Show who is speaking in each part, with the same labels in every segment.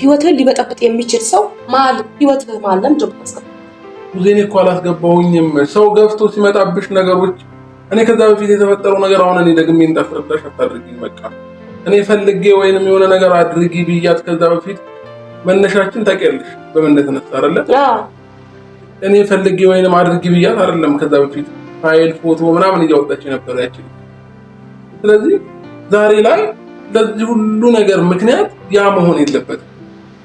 Speaker 1: ህይወትህን ሊበጠብጥ የሚችል ሰው መሀል ህይወትህ መሀል ለምን ጆብ ታስገባ?
Speaker 2: ጊዜኔ እኮ አላስገባሁኝም። ሰው ገፍቶ ሲመጣብሽ ነገሮች እኔ ከዛ በፊት የተፈጠረው ነገር አሁን እኔ ደግሜ እንጠፍርብሽ አታድርጊ። በቃ እኔ ፈልጌ ወይንም የሆነ ነገር አድርጊ ብያት ከዛ በፊት መነሻችን ታውቂያለሽ በምን እንደተነሳ አይደለ? እኔ ፈልጌ ወይንም አድርጊ ብያት አይደለም ከዛ በፊት ፋይል፣ ፎቶ ምናምን እያወጣች ነበር ያች። ስለዚህ ዛሬ ላይ ለዚህ ሁሉ ነገር ምክንያት ያ መሆን የለበትም።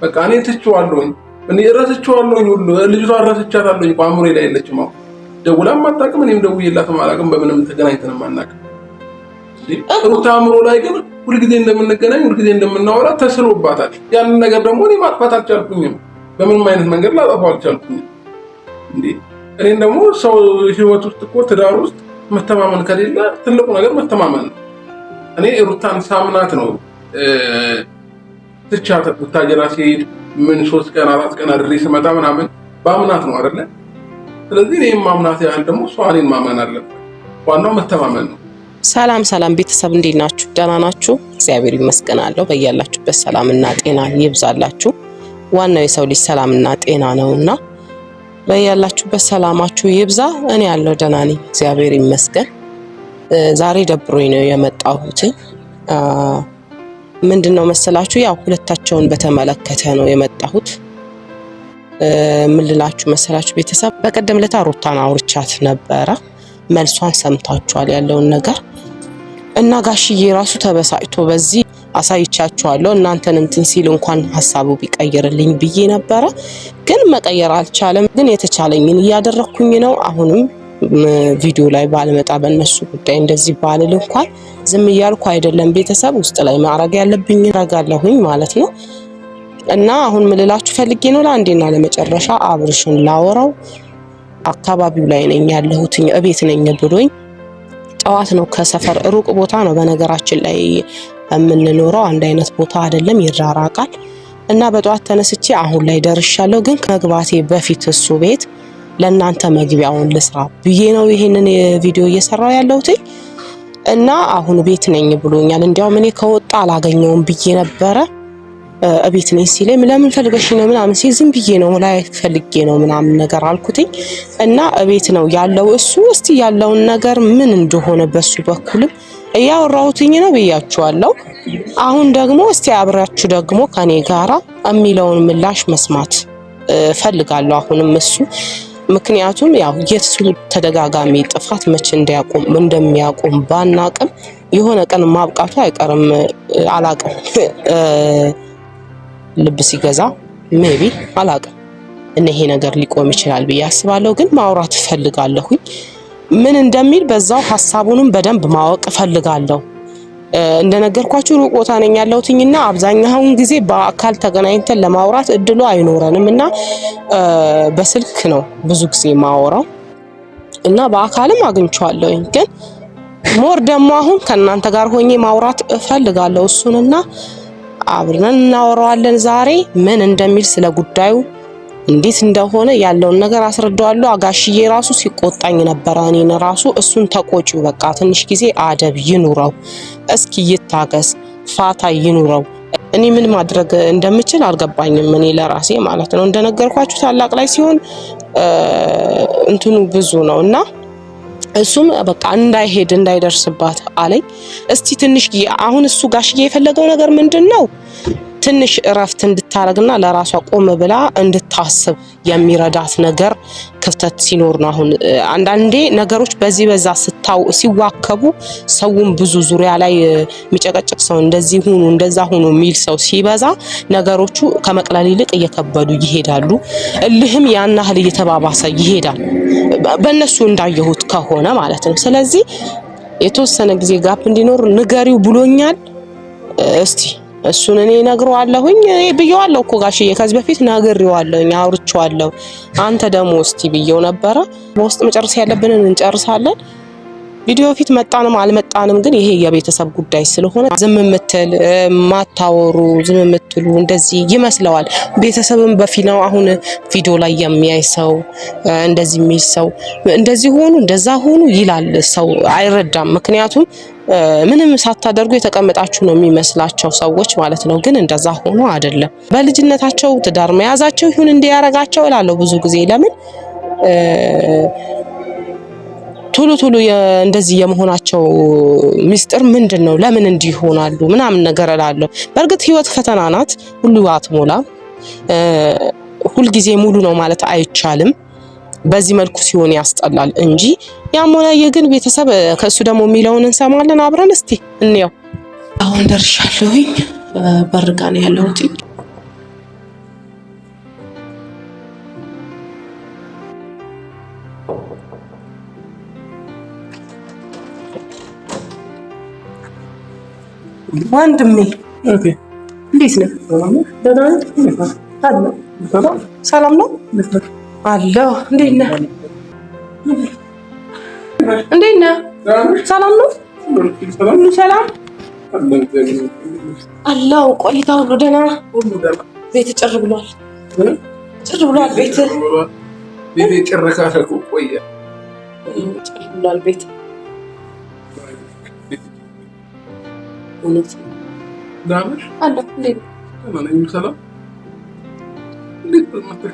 Speaker 2: በቃ እኔ ትችዋለሁኝ፣ እኔ እረስችዋለሁኝ፣ ሁሉ ልጅቷ እረስቻታለሁኝ። በአእምሮዬ ላይ የለችም። አሁን ደውላም አታውቅም፣ እኔም ደውዬላትም አላውቅም፣ በምንም ተገናኝተንም አናውቅም። ሩታ አእምሮ ላይ ግን ሁልጊዜ እንደምንገናኝ ሁልጊዜ እንደምናወራ ተስሎባታል። ያንን ነገር ደግሞ እኔ ማጥፋት አልቻልኩኝም፣ በምንም አይነት መንገድ ላጠፋው አልቻልኩኝም። እንዴ እኔን ደግሞ ሰው ህይወት ውስጥ እኮ ትዳር ውስጥ መተማመን ከሌለ ትልቁ ነገር መተማመን ነው። እኔ ሩታን ሳምናት ነው ትቻ ብታየና ሲሄድ ምን ሶስት ቀን አራት ቀን አድሬ ስመጣ ምናምን በአምናት ነው አይደለ? ስለዚህ እኔም ማምናት ያህል ደግሞ እሷ እኔን ማመን አለበት። ዋናው መተማመን ነው።
Speaker 1: ሰላም ሰላም ቤተሰብ እንዴት ናችሁ? ደህና ናችሁ? እግዚአብሔር ይመስገናለሁ። በያላችሁበት ሰላምና ጤና ይብዛላችሁ። ዋናው የሰው ልጅ ሰላምና ጤና ነውና በያላችሁበት ሰላማችሁ ይብዛ። እኔ ያለው ደህና ነኝ፣ እግዚአብሔር ይመስገን። ዛሬ ደብሮኝ ነው የመጣሁት። ምንድን ነው መሰላችሁ ያው ሁለታቸውን በተመለከተ ነው የመጣሁት። ምልላችሁ መሰላችሁ ቤተሰብ፣ በቀደም ለታ ሩታን አውርቻት ነበረ። መልሷን ሰምታችኋል ያለውን ነገር እና ጋሽዬ ራሱ ተበሳጭቶ በዚህ አሳይቻችኋለሁ እናንተን እንትን ሲል እንኳን ሀሳቡ ቢቀይርልኝ ብዬ ነበረ፣ ግን መቀየር አልቻለም። ግን የተቻለኝን እያደረግኩኝ ነው። አሁንም ቪዲዮ ላይ ባልመጣ በእነሱ ጉዳይ እንደዚህ ባልል እንኳን ዝም እያልኩ አይደለም፣ ቤተሰብ ውስጥ ላይ ማድረግ ያለብኝ ረጋለሁኝ ማለት ነው። እና አሁን ምልላችሁ ፈልጌ ነው ለአንዴና ለመጨረሻ አብርሽን ላወራው አካባቢው ላይ ነኝ ያለሁት እቤት ነኝ ብሎኝ ጠዋት ነው ከሰፈር ሩቅ ቦታ ነው በነገራችን ላይ የምንኖረው አንድ አይነት ቦታ አይደለም ይራራቃል እና በጠዋት ተነስቼ አሁን ላይ ደርሻለሁ ግን ከመግባቴ በፊት እሱ ቤት ለእናንተ መግቢያውን ልስራ ብዬ ነው ይሄንን ቪዲዮ እየሰራው ያለሁትኝ። እና አሁን ቤት ነኝ ብሎኛል። እንዲያውም እኔ ከወጣ አላገኘውም ብዬ ነበረ። እቤት ነኝ ሲለኝ ለምን ፈልገሽ ነው ምናምን ሲል ዝም ብዬ ነው ላይ ፈልጌ ነው ምናምን ነገር አልኩትኝ እና እቤት ነው ያለው እሱ። እስቲ ያለውን ነገር ምን እንደሆነ በሱ በኩልም እያወራሁትኝ ነው ብያችኋለሁ። አሁን ደግሞ እስቲ አብራችሁ ደግሞ ከኔ ጋራ የሚለውን ምላሽ መስማት ፈልጋለሁ። አሁንም እሱ ምክንያቱም ያው የሱ ተደጋጋሚ ጥፋት መቼ እንዲያቆም እንደሚያቆም ባናቅም የሆነ ቀን ማብቃቱ አይቀርም። አላቅም ልብ ሲገዛ ሜቢ አላቅም እነ ይሄ ነገር ሊቆም ይችላል ብዬ አስባለሁ። ግን ማውራት እፈልጋለሁኝ ምን እንደሚል በዛው ሀሳቡንም በደንብ ማወቅ እፈልጋለሁ። እንደነገርኳችሁ ሩቅ ቦታ ነኝ ያለሁትኝ አብዛኛውን ጊዜ በአካል ተገናኝተን ለማውራት እድሉ አይኖረንም እና በስልክ ነው ብዙ ጊዜ ማወራው እና በአካልም አግኝቼዋለሁኝ ግን ሞር ደግሞ አሁን ከእናንተ ጋር ሆኜ ማውራት እፈልጋለሁ እሱንና አብረን እናወራዋለን። ዛሬ ምን እንደሚል ስለ ጉዳዩ እንዴት እንደሆነ ያለውን ነገር አስረዳዋለሁ። አጋሽዬ ራሱ ሲቆጣኝ ነበረ። እኔን ራሱ እሱን ተቆጪው፣ በቃ ትንሽ ጊዜ አደብ ይኑረው፣ እስኪ ይታገስ፣ ፋታ ይኑረው። እኔ ምን ማድረግ እንደምችል አልገባኝም። እኔ ለራሴ ማለት ነው እንደነገርኳችሁ ታላቅ ላይ ሲሆን እንትኑ ብዙ ነው እና እሱም በቃ እንዳይሄድ እንዳይደርስባት አለኝ። እስቲ ትንሽ አሁን እሱ ጋሽዬ የፈለገው ነገር ምንድን ነው? ትንሽ እረፍት እንድታረግና ለራሷ ቆም ብላ እንድታስብ የሚረዳት ነገር ክፍተት ሲኖር ነው። አሁን አንዳንዴ ነገሮች በዚህ በዛ ስታው ሲዋከቡ ሰውን ብዙ ዙሪያ ላይ የሚጨቀጭቅ ሰው እንደዚህ ሁኑ እንደዛ ሁኑ የሚል ሰው ሲበዛ ነገሮቹ ከመቅለል ይልቅ እየከበዱ ይሄዳሉ። እልህም ያን ያህል እየተባባሰ ይሄዳል። በእነሱ እንዳየሁት ከሆነ ማለት ነው። ስለዚህ የተወሰነ ጊዜ ጋፕ እንዲኖር ንገሪው ብሎኛል። እስቲ እሱን እኔ ነግረዋለሁኝ ብየዋለሁ እኮ ጋሽዬ፣ ከዚህ በፊት ነግሬዋለሁኝ፣ አውርቼዋለሁ። አንተ ደግሞ እስቲ ብየው ነበረ። በውስጥ መጨረስ ያለብንን እንጨርሳለን። ቪዲዮ ፊት መጣንም አልመጣንም ግን ይሄ የቤተሰብ ጉዳይ ስለሆነ ዝም ምትል ማታወሩ ዝም ምትሉ እንደዚህ ይመስለዋል። ቤተሰብም በፊ ነው አሁን ቪዲዮ ላይ የሚያይ ሰው እንደዚህ የሚል ሰው እንደዚህ ሆኑ እንደዛ ሆኑ ይላል ሰው አይረዳም። ምክንያቱም ምንም ሳታደርጉ የተቀመጣችሁ ነው የሚመስላቸው ሰዎች ማለት ነው። ግን እንደዛ ሆኖ አይደለም። በልጅነታቸው ትዳር መያዛቸው ይሁን እንዲ ያረጋቸው እላለሁ ብዙ ጊዜ ለምን ቶሎ ቶሎ እንደዚህ የመሆናቸው ሚስጥር ምንድን ነው? ለምን እንዲህ ይሆናሉ? ምናምን ነገር እላለሁ። በእርግጥ ህይወት ፈተና ናት። ሁሉ አትሞላም። ሁልጊዜ ሙሉ ነው ማለት አይቻልም። በዚህ መልኩ ሲሆን ያስጠላል እንጂ ያሞናዬ ግን ቤተሰብ ከእሱ ደግሞ የሚለውን እንሰማለን። አብረን እስቲ እንየው። አሁን ደርሻለሁኝ። በርጋ ነው ያለሁት። ወንድሜ እንዴት ነህ? ሰላም ነው? አለው። እንዴት ነህ? እንዴት ነህ? ሰላም ነው? ሁሉ ሰላም አለው። ቆይታ ሁሉ ደህና? ቤት ጭር ብሏል፣ ጭር ብሏል ቤት
Speaker 2: ጭር ካለኩ ቆየ
Speaker 1: ጭር ብሏል ቤት
Speaker 2: እውነት እንዴት ነው? ሰላም እንዴት ነው?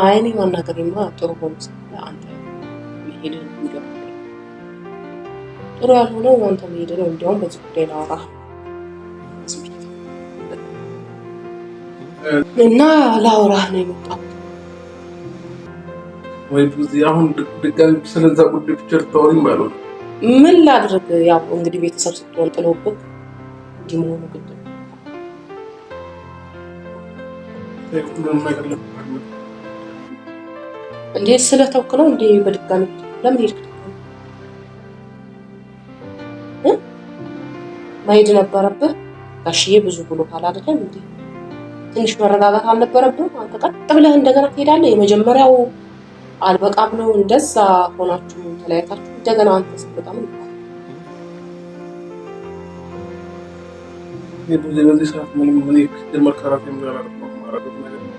Speaker 1: አይ እኔ ማናገሬማ ጥሩ ሆኖ አንተ መሄድህን የሚገባ ጥሩ ያልሆነው አንተ መሄድ ነው። እንዲያውም በዚህ ጉዳይ ላወራ እና ላውራህ ነው የመጣሁት።
Speaker 2: ወይ አሁን ድጋሚ ስለዛ ጉዳይ ብቻ ልታወሪኝ ማለት
Speaker 1: ምን ላድርግ? ያው እንግዲህ ቤተሰብ ስትሆን ጥሎብህ እንዲህ መሆኑ ግድ እንዴ ስለተውክ ነው እንዴ? በድጋሚ ለምን ሄድክ? መሄድ ነበረብህ። ጋሽዬ ብዙ ብሎ አይደለም እንዴ? ትንሽ መረጋጋት አልነበረብህም? አንተ ቀጥ ብለህ እንደገና ትሄዳለህ። የመጀመሪያው አልበቃ ብሎ እንደዛ ሆናችሁ ተለያይታችሁ እንደገና አንተ ስትበጣም
Speaker 2: በዚህ ሰዓት ምንም መከራት የማላደርገው ነገር ነው።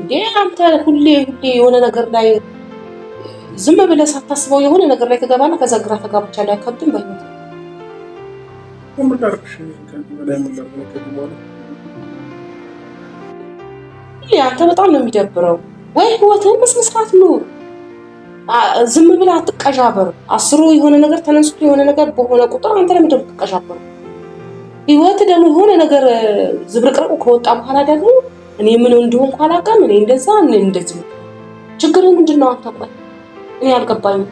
Speaker 1: እንዴ አንተ ሁሌ ሁሌ የሆነ ነገር ላይ ዝም ብለህ ሳታስበው የሆነ ነገር ላይ ትገባና ከዛ ግራ ተጋብቻ ላይ ከብድም በህይወት አንተ በጣም ነው የሚደብረው። ወይ ህይወትህን በስነ ስርዓት ኑር። ዝም ብለህ አትቀዣበሩ። አስሩ የሆነ ነገር ተነስቶ የሆነ ነገር በሆነ ቁጥር አንተ ለምንድን ነው ህይወት ደግሞ የሆነ ነገር ዝብርቅርቁ ከወጣ በኋላ ደግሞ እኔ ምን እንደሆንኩ አላውቅም፣ እኔ እንደዛ፣ እኔ እንደዚህ። ችግር ምንድን ነው አታውቅም? እኔ አልገባኝም።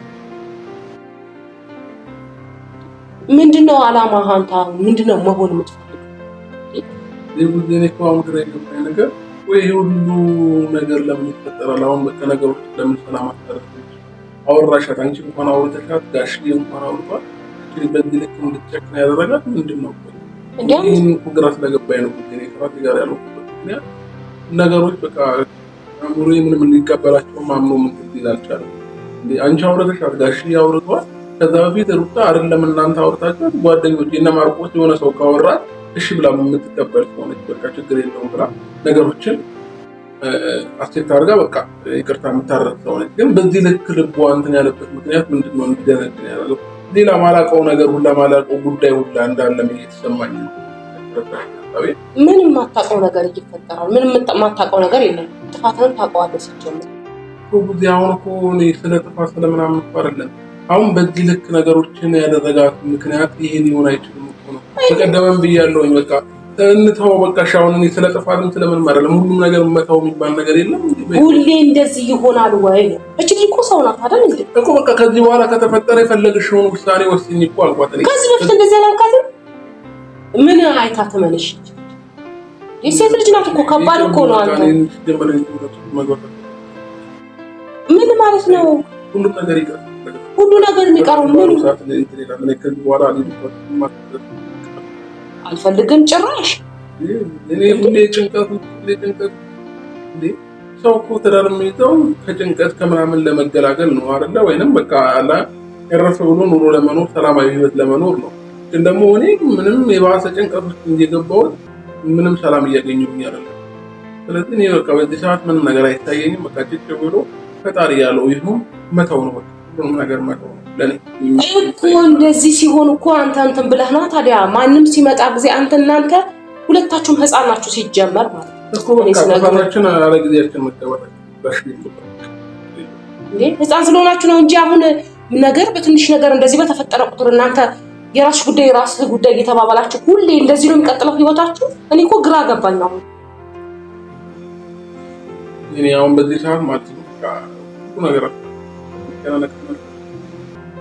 Speaker 1: ምንድን ነው አላማ? አንተ ምንድን ነው መሆን የምትፈልገው?
Speaker 2: ነገር ወይ ሁሉ ነገር ለምን ይፈጠራል? አሁን በቃ ነገሮች ለምን ሰላም አታደርግም? አወራሻት። አንቺ እንኳን አውርተሻት ጋሽዬ እንኳን አውርቷል። በዚህ ልክ እንድትጨክን ያደረጋት ምንድን ነው? ይህን ግራ ስለገባኝ ነው። ከራት ጋር ያልኩበት ምክንያት ነገሮች በቃ አእምሮ ምንም እንዲቀበላቸው ማምኖ ምንትል አልቻለ። አንቺ አውርተሻት ጋሽዬ አውርቷል። ከዛ በፊት ሩታ አይደለም እናንተ አውርታችኋት ጓደኞች እነ ማርቆስ የሆነ ሰው ካወራት እሺ ብላ የምትቀበል ከሆነች በቃ ችግር የለውም ብላ ነገሮችን አስቴት አድርጋ በቃ ይቅርታ የምታረቅ ሰውነች። ግን በዚህ ልክ ልቧ እንትን ያለበት ምክንያት ምንድን ነው? እንዲደነግን ያለው ሌላ ማላቀው ነገር ሁላ ማላቀው ጉዳይ ሁላ እንዳለ የተሰማኝ ነው።
Speaker 1: ምንም የማታውቀው ነገር ይፈጠራል። ምንም የማታውቀው ነገር የለም። ጥፋትህን ታውቀዋለህ። ሲጀምር
Speaker 2: ጊዜ አሁን እኮ ስለ ጥፋት ስለምናምን እኮ አይደለም። አሁን በዚህ ልክ ነገሮችን ያደረጋት ምክንያት ይሄ ሊሆን አይችልም እኮ ነው። በቀደመም ብያለሁኝ በቃ እንተው በቃ ሻውን እኔ ስለ ጥፋትም ስለምንም አይደለም። ሁሉም ነገር መተው የሚባል ነገር የለም።
Speaker 1: ሁሌ እንደዚህ ይሆናል ወይ? እች እኮ ሰው ናት አይደል? እንግዲህ
Speaker 2: እኮ በቃ ከዚህ በኋላ ከተፈጠረ የፈለግሽውን ውሳኔ ወስኝ እኮ አልኳት።
Speaker 1: ከዚህ በፊት እንደዚህ አላልካትም? ምን አይታ ተመለሽ። የሴት ልጅ ናት እኮ ከባድ እኮ ነው። አንተ ምን ማለት ነው?
Speaker 2: ሁሉም ነገር ይቀር፣
Speaker 1: ሁሉ ነገር የሚቀረው ምን ከዚህ በኋላ አልፈልግም ጭራሽ።
Speaker 2: ሰው እኮ ትዳር የሚይዘው ከጭንቀት ከምናምን ለመገላገል ነው አይደለ? ወይንም በቃ አለ ያረፈ ብሎ ኑሮ ለመኖር ሰላማዊ ህይወት ለመኖር ነው። ግን ደግሞ እኔ ምንም የባሰ ጭንቀት ውስጥ እየገባሁት ምንም ሰላም እያገኘሁኝ አይደለም። ስለዚህ እኔ በቃ በዚህ ሰዓት ምንም ነገር አይታየኝም። በቃ ጭጭ ብሎ ፈጣሪ ያለው ይሁን መተው ነው፣ ሁሉም ነገር መተው
Speaker 1: ነው። እኮ እንደዚህ ሲሆን እኮ አንተ እንትን ብለህ ነው ታዲያ። ማንም ሲመጣ ጊዜ አንተ እናንተ ሁለታችሁም ህፃን ናችሁ ሲጀመር ማለት ህፃን ስለሆናችሁ ነው እንጂ አሁን ነገር በትንሽ ነገር እንደዚህ በተፈጠረ ቁጥር እናንተ የራስሽ ጉዳይ የራስህ ጉዳይ እየተባባላችሁ ሁሌ እንደዚህ ነው የሚቀጥለው ህይወታችሁ። እኔ እኮ ግራ ገባኝ። አሁን
Speaker 2: እኔ አሁን በዚህ ሰዓት ማለት ነው ነገር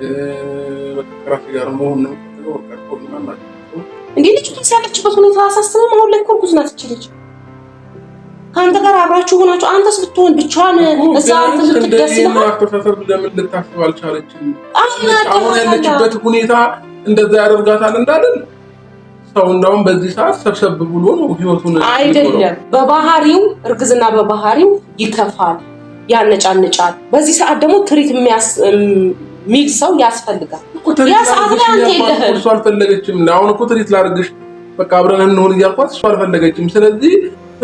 Speaker 2: ከራሴ ጋር መሆን ነው።
Speaker 1: እንዴት ልጅቷ ያለችበት ሁኔታ አሳስብም። አሁን ላይ እኮ እርጉዝ ናት እች ልጅ። ከአንተ ጋር አብራችሁ ሆናችሁ አንተስ ብትሆን ብቻዋን
Speaker 2: እዛ አንተ ብትደስ ይላል። ለምን ልታስብ አልቻለችም? አሁን ያለችበት ሁኔታ እንደዛ ያደርጋታል እንዳለን ሰው እንዳውም በዚህ ሰዓት ሰብሰብ ብሎ ነው
Speaker 1: ህይወቱን አይደለም። በባህሪው እርግዝና በባህሪው ይከፋል፣ ያነጫንጫል። በዚህ ሰዓት ደግሞ ትሪት የሚያስ ሚል ሰው ያስፈልጋል። ያ ሰዓት ላይ አንተ
Speaker 2: የለህም። እሱ አልፈለገችም። አሁን እኮ ትሪት ላድርግሽ በቃ አብረን እንሆን እያልኳት እሱ አልፈለገችም። ስለዚህ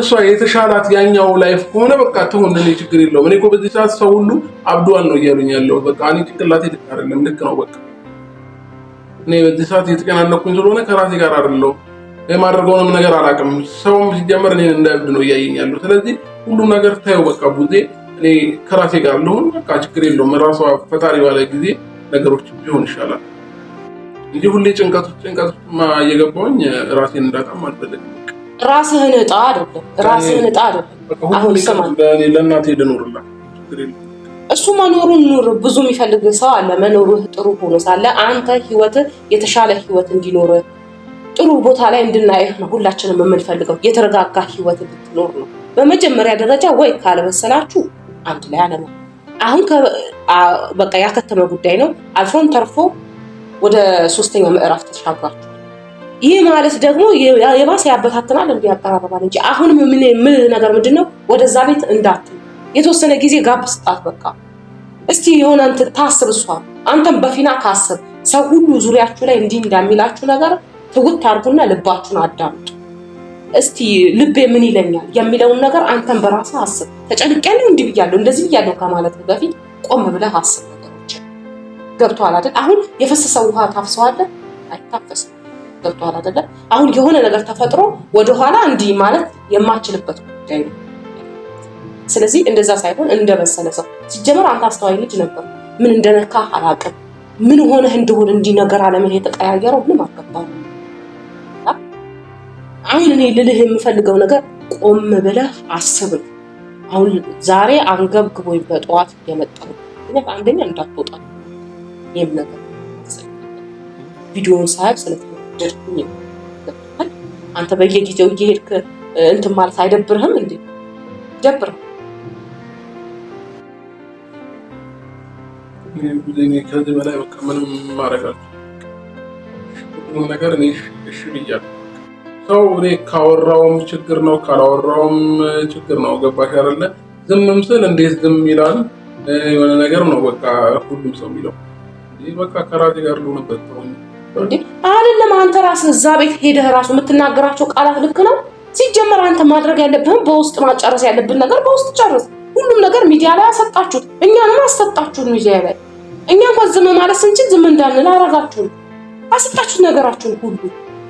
Speaker 2: እሷ የተሻላት ያኛው ላይፍ ከሆነ በቃ ትሆን፣ እኔ ችግር የለውም። እኔ እኮ በዚህ ሰዓት ሰው ሁሉ አብዷል ነው እያሉኝ ያለው። በቃ እኔ ጭንቅላቴ ልክ አይደለም፣ ልክ ነው። በቃ እኔ በዚህ ሰዓት የተጨናነኩኝ ስለሆነ ከራሴ ጋር አይደለሁም። የማደርገውንም ነገር አላውቅም። ሰውም ሲጀመር እኔ እንደ እንዳይብድ ነው እያየኝ ያለው። ስለዚህ ሁሉም ነገር ታየው በቃ ቡዜ ከራሴ ጋር ለሆን በቃ ችግር የለውም። ራሷ ፈጣሪ ባለ ጊዜ ነገሮች ቢሆን ይሻላል እንጂ ሁሌ ጭንቀቶች ማ እየገባውኝ ራሴን እንዳጣም አልፈለግም።
Speaker 1: ራስህን እጣ አይደለም ራስህን እጣ አይደለም። አሁን ስማ፣
Speaker 2: ለእናቴ ልኖርላት
Speaker 1: እሱ መኖሩን ኑር። ብዙ የሚፈልግ ሰው አለ። መኖርህ ጥሩ ሆኖ ሳለ አንተ ህይወት የተሻለ ህይወት እንዲኖር ጥሩ ቦታ ላይ እንድናየህ ነው ሁላችንም የምንፈልገው። የተረጋጋ ህይወት ብትኖር ነው በመጀመሪያ ደረጃ። ወይ ካለመሰላችሁ አንድ ላይ አለመ አሁን በቃ ያከተመ ጉዳይ ነው። አልፎም ተርፎ ወደ ሶስተኛ ምዕራፍ ተሻግሯቸዋል። ይህ ማለት ደግሞ የባሰ ያበታትናል፣ እንዲ ያቀራረባል እንጂ አሁንም ምን ነገር ምንድን ነው ወደዛ ቤት እንዳት የተወሰነ ጊዜ ጋብ ስጣት። በቃ እስቲ የሆነ እንትን ታስብ፣ እሷ አንተም በፊና ካስብ ሰው ሁሉ ዙሪያችሁ ላይ እንዲህ እንዳሚላችሁ ነገር ትውት አድርጉና ልባችሁን አዳምጡ። እስቲ ልቤ ምን ይለኛል የሚለውን ነገር አንተን በራስህ አስብ። ተጨንቄያለሁ፣ እንዲህ ብያለሁ፣ እንደዚህ ብያለሁ ከማለት በፊት ቆም ብለህ አስብ። ነገሮች ገብቶሃል አይደል? አሁን የፈሰሰ ውሃ ታፍሰዋለህ? አይታፈስም። ገብቶሃል አይደለ? አሁን የሆነ ነገር ተፈጥሮ ወደኋላ እንዲህ ማለት የማችልበት ጉዳይ ነው። ስለዚህ እንደዛ ሳይሆን እንደመሰለ ሰው ሲጀመር አንተ አስተዋይ ልጅ ነበር። ምን እንደነካ አላውቅም። ምን ሆነህ እንደሆነ እንዲህ ነገር አለምን የተቀያየረው ምንም አልገባም። አሁን እኔ ልልህ የምፈልገው ነገር ቆም ብለህ አስብ ነው። አሁን ዛሬ አንገብግቦኝ በጠዋት የመጣው ምክንያት አንደኛ እንዳትወጣ ይህም ነገር ቪዲዮውን ሳያብ ስለተደርኩኝ አንተ በየጊዜው እየሄድክ እንትን ማለት አይደብርህም እንዴ? ደብር
Speaker 2: ከዚህ በላይ በቃ ምንም ማድረግ ነገር እኔ እሺ ብያለሁ። ሰው እኔ ካወራውም ችግር ነው፣ ካላወራውም ችግር ነው። ገባሽ አይደለ? ዝምም ስል እንዴት ዝም ይላል? የሆነ ነገር ነው በቃ ሁሉም ሰው የሚለው በቃ ከራሴ ጋር ልሆንበት
Speaker 1: አይደለም። አንተ ራስህ እዛ ቤት ሄደህ ራሱ የምትናገራቸው ቃላት ልክ ነው። ሲጀመር አንተ ማድረግ ያለብህም በውስጥ ማጨረስ ያለብን ነገር በውስጥ ጨርስ። ሁሉም ነገር ሚዲያ ላይ አሰጣችሁት፣ እኛንም አሰጣችሁን። ሚዲያ ላይ እኛ እንኳን ዝም ማለት ስንችል ዝም እንዳንል አረጋችሁን፣ አሰጣችሁት ነገራችሁን ሁሉ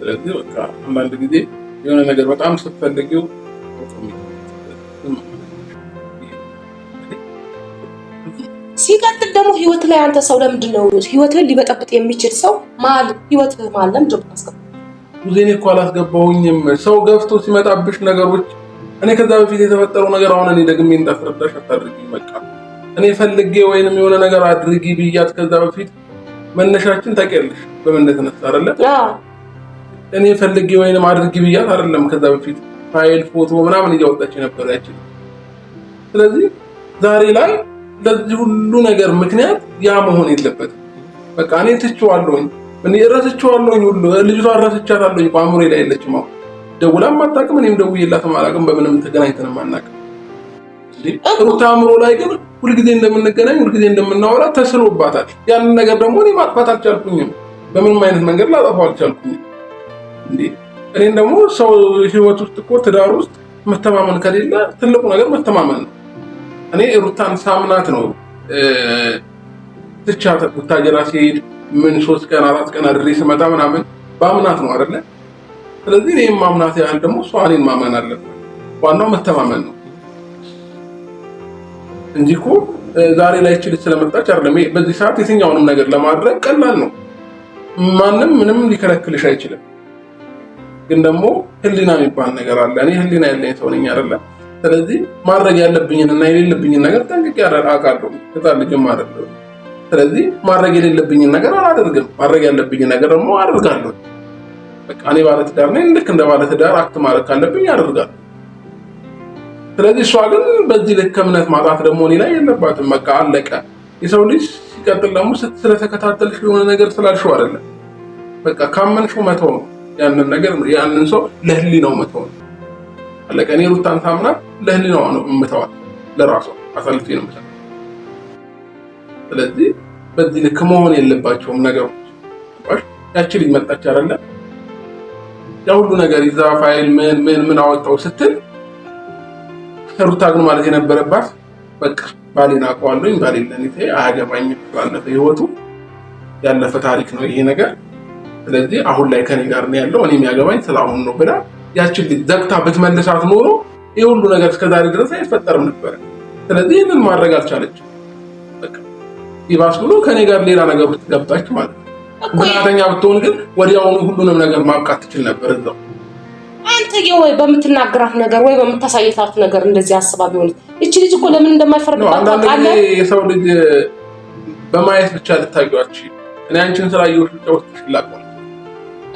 Speaker 2: ስለዚህ በቃ አንዳንድ ጊዜ የሆነ ነገር በጣም ስትፈልጊው
Speaker 1: ሲቀጥል ደግሞ ህይወት ላይ አንተ ሰው ለምንድን ነው ህይወትህን ሊበጠብጥ የሚችል ሰው ማል ህይወት ማል ለምንድን ነው አስገባ
Speaker 2: ብዙ እኔ እኮ አላስገባሁኝም። ሰው ገፍቶ ሲመጣብሽ ነገሮች እኔ ከዛ በፊት የተፈጠረው ነገር አሁን እኔ ደግሜ እንዳስረዳሽ አታድርጊኝ። በቃ እኔ ፈልጌ ወይንም የሆነ ነገር አድርጊ ብያት ከዛ በፊት መነሻችን ታውቂያለሽ በምን እንደተነሳ አይደለ እኔ ፈልጊ ወይንም አድርጊ ብያት አይደለም። ከዛ በፊት ፋይል፣ ፎቶ ምናምን እያወጣች ነበር ያችን። ስለዚህ ዛሬ ላይ ለዚህ ሁሉ ነገር ምክንያት ያ መሆን የለበትም። በቃ እኔ ትቼዋለሁኝ፣ እኔ እረስቼዋለሁኝ፣ ሁሉ ልጅቷ እረስቻታለሁኝ። በአእምሮ ላይ የለችም። አሁን ደውላም አታውቅም፣ እኔም ደውዬላትም አላውቅም፣ በምንም ተገናኝተንም አናውቅም። ሩታ አእምሮ ላይ ግን ሁልጊዜ እንደምንገናኝ ሁልጊዜ እንደምናወራ ተስሎባታል። ያንን ነገር ደግሞ እኔ ማጥፋት አልቻልኩኝም፣ በምንም አይነት መንገድ ላጠፋው አልቻልኩኝም። እኔም ደግሞ ሰው ህይወት ውስጥ እኮ ትዳር ውስጥ መተማመን ከሌለ ትልቁ ነገር መተማመን ነው። እኔ ሩታን ሳምናት ነው ትቻ ቡታጀራ ሲሄድ ምን ሶስት ቀን አራት ቀን አድሬ ስመጣ ምናምን በአምናት ነው አይደለ? ስለዚህ እኔም ማምናት ያህል ደግሞ እሷ እኔን ማመን አለብን። ዋናው መተማመን ነው እንጂ እኮ ዛሬ ላይ ችልች ስለመጣች አይደለም። በዚህ ሰዓት የትኛውንም ነገር ለማድረግ ቀላል ነው። ማንም ምንም ሊከለክልሽ አይችልም። ግን ደግሞ ህሊና የሚባል ነገር አለ። እኔ ህሊና ያለኝ ሰው ነኝ አይደለም። ስለዚህ ማድረግ ያለብኝን እና የሌለብኝን ነገር ጠንቅቄ አውቃለሁ። ህፃን ልጅም አይደለም። ስለዚህ ማድረግ የሌለብኝን ነገር አላደርግም። ማድረግ ያለብኝን ነገር ደግሞ አደርጋለሁ። በቃ እኔ ባለትዳር ነኝ። ልክ እንደ ባለትዳር አክት ማድረግ ካለብኝ አደርጋለሁ። ስለዚህ እሷ ግን በዚህ ልክ እምነት ማጣት ደግሞ እኔ ላይ የለባትም። በቃ አለቀ። የሰው ልጅ ሲቀጥል ደግሞ ስለተከታተልሽ የሆነ ነገር ስላልሽው አይደለም። በቃ ካመንሽው መተው ነው። ያንን ነገር ያንን ሰው ለህሊናው መተው ነው። አለቀ። እኔ ሩታን ታምና ለህሊናዋ ነው እምተዋል፣ ለራሷ አሳልፌ ነው የምሰጠው። ስለዚህ በዚህ ልክ መሆን የለባቸውም ነገሮች። ያቺ ልጅ መጣች አይደለ? ያ ሁሉ ነገር ይዛ ፋይል ምን ምን ምን አወጣው ስትል ሩታ ግን ማለት የነበረባት በቃ ባሌን አውቀዋለሁኝ፣ ባሌን ለኔ አያገባኝም፣ ባለፈ ህይወቱ ያለፈ ታሪክ ነው ይሄ ነገር ስለዚህ አሁን ላይ ከኔ ጋር ነው ያለው፣ እኔ የሚያገባኝ ስለ ነው ብላ ያችን ዘግታ ብትመልሳት ኖሮ ይህ ሁሉ ነገር እስከዛሬ ድረስ አይፈጠርም ነበረ። ስለዚህ ይህንን ማድረግ አልቻለች። ይባስ ብሎ ከኔ ጋር ሌላ ነገር ውስጥ ማለት ነው። ብትሆን ግን ወዲያውኑ ሁሉንም ነገር ማብቃት ትችል ነበር እዛው
Speaker 1: አንተ ወይ በምትናገራት ነገር ወይ በምታሳየታት ነገር እንደዚህ አስባ ቢሆን እቺ ልጅ እኮ ለምን
Speaker 2: እንደማይፈርድባት የሰው ልጅ በማየት ብቻ ልታዩዋች እኔ አንቺን ስላየሁሽ ብቻ ውስጥ ሽላቅ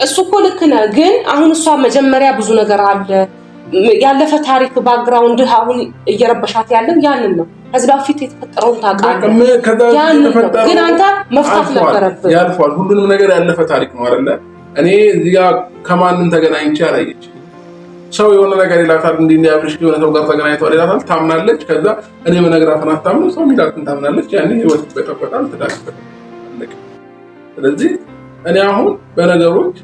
Speaker 1: እሱ እኮ ልክ ነህ። ግን አሁን እሷ መጀመሪያ ብዙ ነገር አለ ያለፈ ታሪክ ባክግራውንድ አሁን እየረበሻት ያለን ያንን ነው። ከዚህ በፊት የተፈጠረውን
Speaker 2: ታውቃለህ።
Speaker 1: ግን አንተ መፍታት
Speaker 2: ነበረብህ። ያልፏል። ሁሉንም ነገር ያለፈ ታሪክ ነው አለ። እኔ እዚጋ ከማንም ተገናኝቼ አላየች። ሰው የሆነ ነገር ይላታል፣ እንዲህ አብርሽ የሆነ ሰው ጋር ተገናኝተዋል ይላታል፣ ታምናለች። ከዛ እኔ በነግራትን አታምነው፣ ሰው ሚላትን ታምናለች። ያኔ ህይወት ይበጠበጣል፣ ትዳር ይበጠበጣል። ስለዚህ እኔ አሁን በነገሮች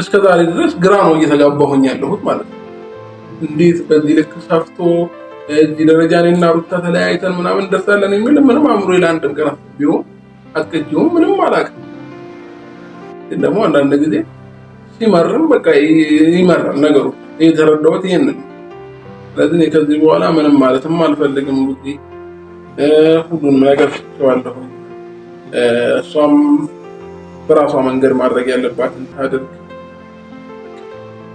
Speaker 2: እስከ ዛሬ ድረስ ግራ ነው እየተጋባሁኝ ያለሁት ማለት ነው። እንዴት በዚህ ልክ ሰፍቶ እዚህ ደረጃ እኔና ሩታ ተለያይተን ምናምን እንደርሳለን የሚል ምንም አእምሮ ለአንድም ቀን ቢሆን አትቀጅሁም ምንም አላውቅም። ግን ደግሞ አንዳንድ ጊዜ ሲመርም በቃ ይመራል ነገሩ። የተረዳሁት ይህንን። ስለዚህ ከዚህ በኋላ ምንም ማለትም አልፈልግም። ውጪ ሁሉንም ነገር ስቸዋለሁ። እሷም በራሷ መንገድ ማድረግ ያለባትን ታድርግ።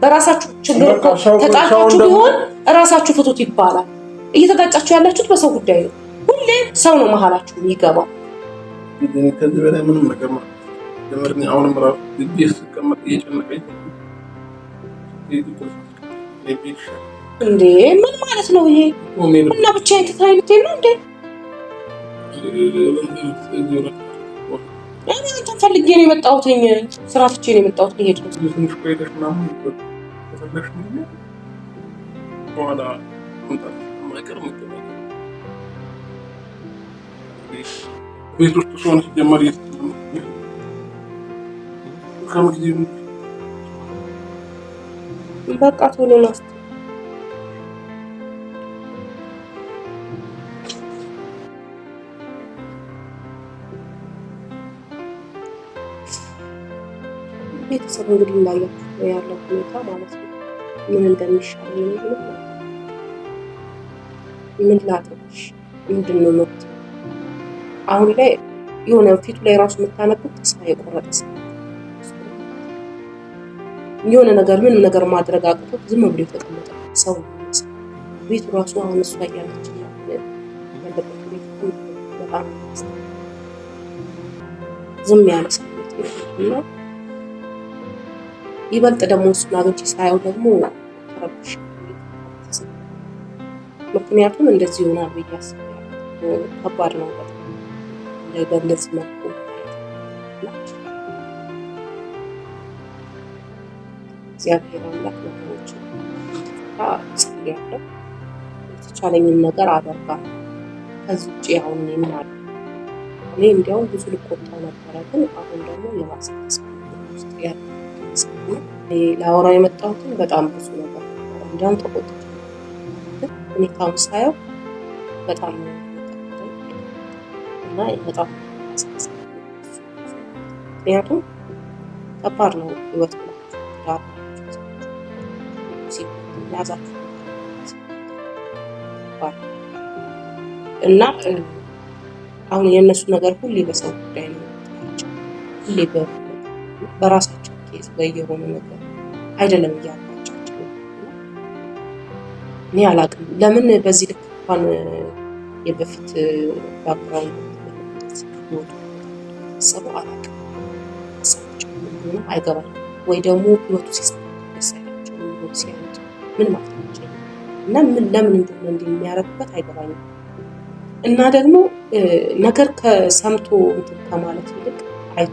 Speaker 1: በራሳችሁ ችግር ተጣጣችሁ ቢሆን እራሳችሁ ፍቱት ይባላል። እየተጋጫችሁ ያላችሁት በሰው ጉዳይ ነው። ሁሌ ሰው ነው መሀላችሁ የሚገባው።
Speaker 2: ከዚህ በላይ ምንም ነገር አሁንም ራሱ ስቀመጥ እየጨነቀኝ
Speaker 1: እንዴ ምን ማለት ነው ይሄ? እና ብቻ አይነት ነው እንዴ እኔ አንተን ፈልጌ ነው የመጣሁት። ስራ ትቼ ነው የመጣሁት። ሄድ
Speaker 2: ቤት ውስጥ ሰሆነ ሲጀመር
Speaker 1: በቃ ቶሎ ናስት ቤተሰብ እንግዲህ እንዳያችሁ ያለው ሁኔታ ማለት ነው። ምን እንደሚሻል ነው ምን ላጥብሽ፣ ምንድን ነው መብት አሁን ላይ የሆነ ፊቱ ላይ ራሱ የምታነቡት ተስፋ የቆረጠ ሰው የሆነ ነገር ምንም ነገር ማድረግ አቅቶት ዝም ብሎ የተቀመጠ ሰው ቤቱ ራሱ አሁን እሱ ላይ ያለች ያለበት ሁኔታ በጣም ዝም ያለ ሰው እና ይበልጥ ደግሞ ሱናቶች ሳየው ደግሞ ምክንያቱም እንደዚህ ይሆናል ብዬ አስቤያለሁ። ከባድ ነው በጣም በእንደዚህ መልኩ እግዚአብሔር አምላክ ነገሮች ያለው የተቻለኝን ነገር አደርጋለሁ። ከዚህ ውጭ አሁን ይምናል እኔ እንዲያውም ብዙ ልቆጣ ነበረ፣ ግን አሁን ደግሞ የማስቀስ ውስጥ ያለ ለአውራ የመጣሁትን በጣም ብዙ ነበር። እንዲያውም ተቆጥ ሁኔታውን ሳየው በጣም እና በጣም ምክንያቱም ከባድ ነው ህይወት እና አሁን የእነሱ ነገር ሁሌ በሰው ጉዳይ ነው። ሁሌ በራሳቸው ኬዝ በየሆነ ነገር አይደለም እያላቸው እኔ አላቅም። ለምን በዚህ ልክ እንኳን የበፊት ባክግራውንድ ሰቡ አላውቅም ሰቸው ሆነ አይገባል ወይ ደግሞ ህይወቱ ሲሳቸው ሲያዩት ምን ማለት ነው እና ምን ለምን እንደሆነ እንደሚያረጉበት አይገባኝም። እና ደግሞ ነገር ከሰምቶ እንትን ከማለት ይልቅ አይቶ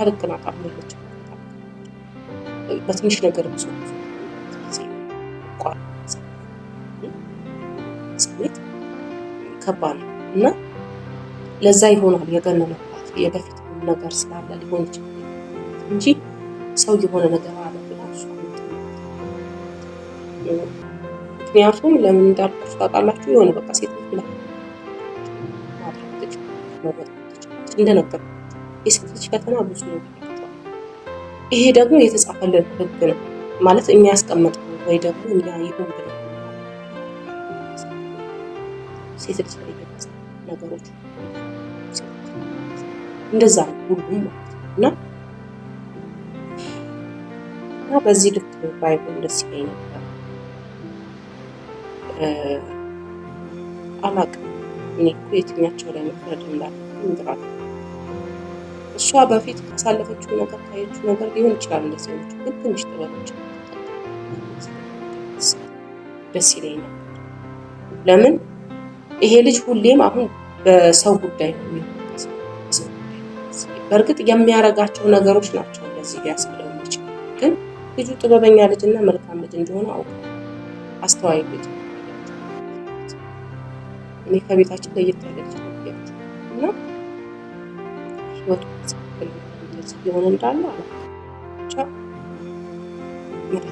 Speaker 1: ሳልቀናጣም ሌሎች በትንሽ ነገር ብዙ ጊዜ ስሜት ከባድ እና ለዛ ይሆናል የገነነባት የበፊት ነገር ስላለ ሊሆን ይችላል እንጂ ሰው የሆነ ነገር አለ ብላ ምክንያቱም ለምን እንዳልኩሽ ታውቃላችሁ የሆነ በቃ ሴት ላይ ማድረግ ትችላለች እንደነገርኩ የሴት ልጅ ፈተና ብዙ ነው። ይሄ ደግሞ የተጻፈልን ህግ ነው ማለት እኛ ያስቀመጥነው ወይ ደግሞ እኛ ይሁን ብለን ሴት ልጅ ላይ ነገሮች እንደዛ ሁሉም ማለት ነው እና እና በዚህ ልክ ባይሆን ደስ ይለኝ ነበር። አላቅም እኔ እኮ የትኛቸው ላይ መፍረድ እንዳለ ምድራት እሷ በፊት ካሳለፈችው ነገር ካየችው ነገር ሊሆን ይችላል። እንደዚህ አይነቱ ግን ትንሽ ጥበቦች ደስ ይለኝ ነበር። ለምን ይሄ ልጅ ሁሌም አሁን በሰው ጉዳይ በእርግጥ የሚያረጋቸው ነገሮች ናቸው እንደዚህ ሊያስብለው ይችላል። ግን ልጁ ጥበበኛ ልጅ እና መልካም ልጅ እንደሆነ አውቀ አስተዋይ ልጅ እኔ ከቤታችን ለየት ያለ ልጅ ነው እና ህይወቱ ትክክል እየሆነ እንዳለ አለቻ ሌላ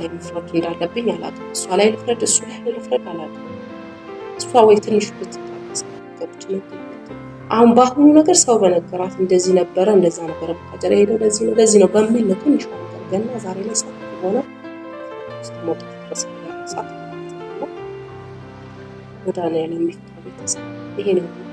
Speaker 1: ላይ መፍረድ እንዳለብኝ አላውቅም። እሷ ላይ ልፍረድ፣ እሱ ላይ ልፍረድ አላውቅም። እሷ ወይ ትንሽ ብትታገስ አሁን በአሁኑ ነገር ሰው በነገራት እንደዚህ ነበረ እንደዛ ነበረ ብታጀራ ሄደው ለዚህ ነው ለዚህ ነው በሚል ነው ትንሽ ነገር ገና ዛሬ ላይ ሰው ሆነ ሞጣ ድረስ ጎዳና ላይ የሚታዩ ቤተሰብ ይሄ ነው።